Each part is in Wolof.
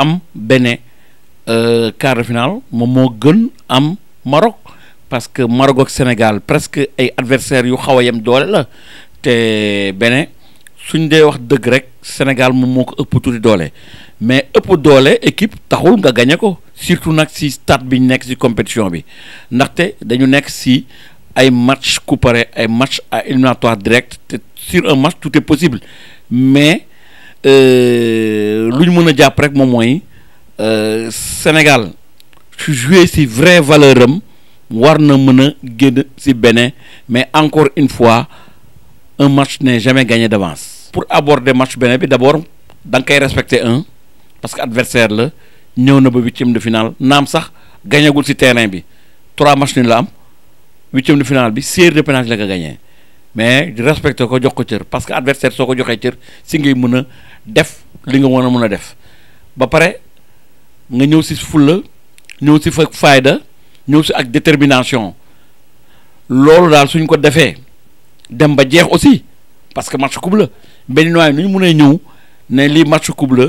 am Bénin euh, quart de finale moom gën am Maroc parce que Maroc ak Sénégal presque ay adversaires yu xaw a yem doole la te Bénin suñ dé wax deug rek Sénégal mom moko ko ëpp tuuti doole mais ëpp doole équipe taxul nga gagné ko surtout nak si stade bi de nekk si compétition bi ndaxte dañu nekk si ay match couperé ay match à éliminatoire direct sur un match tout est possible mais euh, lu ñu mën a jàpp rek moom mooy euh, Sénégal su joué si vraie valeur war na mën Bénin mais encore une fois un match n'est jamais gagné d'avance pour aborder match Bénin bi d'abord il faut respecter un parce que adversaire la ñëw na ba ème de finale nam sax gagnagul si terrain bi trois matchs ni la am de finale bi série de pénalty la gagné mais il ko jox ko cër parce que adversaire soko joxé cër si ngay def li nga war a mën a def ba pare nga ñëw si fulla ñëw si fa fayda ñëw si ak détermination loolu daal suñ ko defee dem ba jeex aussi parce que match coupe la benn noyyi nu ñu mënee ñëw ne lii match coupe la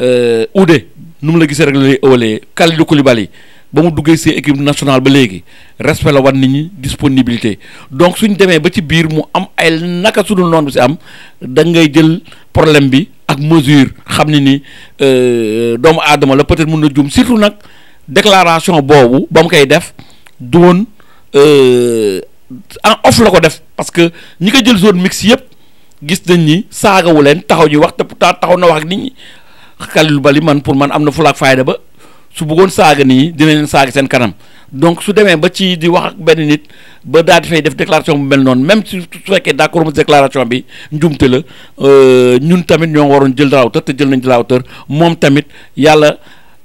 Euh, Oudé nu mu la gisee rek la lay ëwalee Kalidou Koulibaly ba mu duggee si équipe nationale ba léegi respect la wan nit ñi disponibilité donc suñ demee ba ci biir mu am ay naka sunu noonu bi si am da ngay jël problème bi ak mesure xam ni ni euh, doomu adama la peut-être mun na jum surtout nag déclaration boobu ba mu koy def du woon euh, en off la ko def parce que ñi ko jël zone mixte yëpp gis nañ ni saagawu leen taxaw ji wax te pourtant taxaw na wax ak nit ñi Kalidou Bali man pour man am na fulaak fayda ba su bëggoon saaga nii dina leen saaga seen kanam donc su demee ba ci di wax ak benn nit ba daal di def déclaration bu mel noonu même su su fekkee d'accord mu déclaration bi njumte la euh, ñun tamit ñoo waroon jël la hauteur te jël nañ la hauteur moom tamit yàlla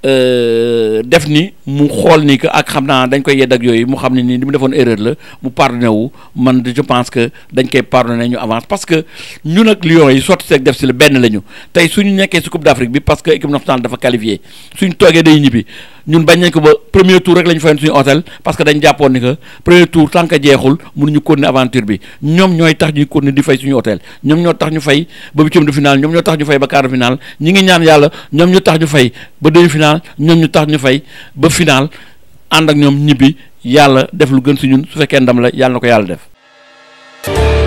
Euh, def nii mu xool nii que ak xam naa dañ koy yedd ak yooyu mu xam ne nii li mu defoon erreur la mu pardonné wu man je pense que dañ koy pardonné ñu avance parce que ñu nag Lions yi sotti seeg def si la benn la ñu tey suñu nekkee si Coupe d'Afrique bi parce que équipe nationale dafa su suñ toogee day ñibbi ñun bañ nañ ko ba premier tour rek la ñu fayoon suñu hôtel parce que dañ jàppoon ni que premier tour tant que jeexul mënuñu continuer bi ñoom ñooy tax ñuy continuer di fay suñu hôtel ñoom ñoo tax ñu fay ba huitième de finale ñoom ñoo tax ñu fay ba quart de finale ñi ngi ñaan yàlla ñoom ñu tax ñu fay ba demi finale ñoom ñu tax ñu fay ba finale ànd ak ñoom ñibbi yàlla def lu gën si ñun su fekkee ndam la yàlla na ko yàlla def.